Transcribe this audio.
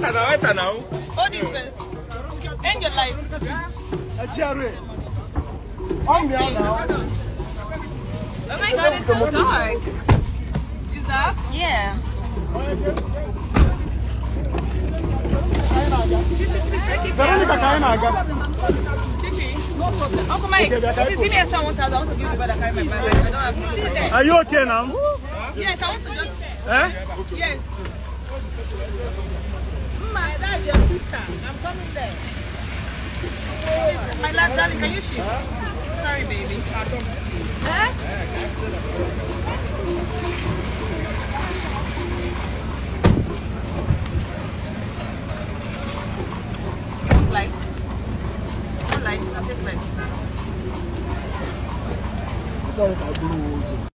Better now, better now. Hold it first. End your life. I'm here now. Oh my god, it's so dark. Is that? Yeah. Veronica, can I get? Are you okay now? Yes, I want to just. Eh? Yes. Mama. Yeah, that's your sister. I'm coming there. My love, darling, can you shift? Huh? Sorry, baby. Huh? Lights. No lights. I'll take light.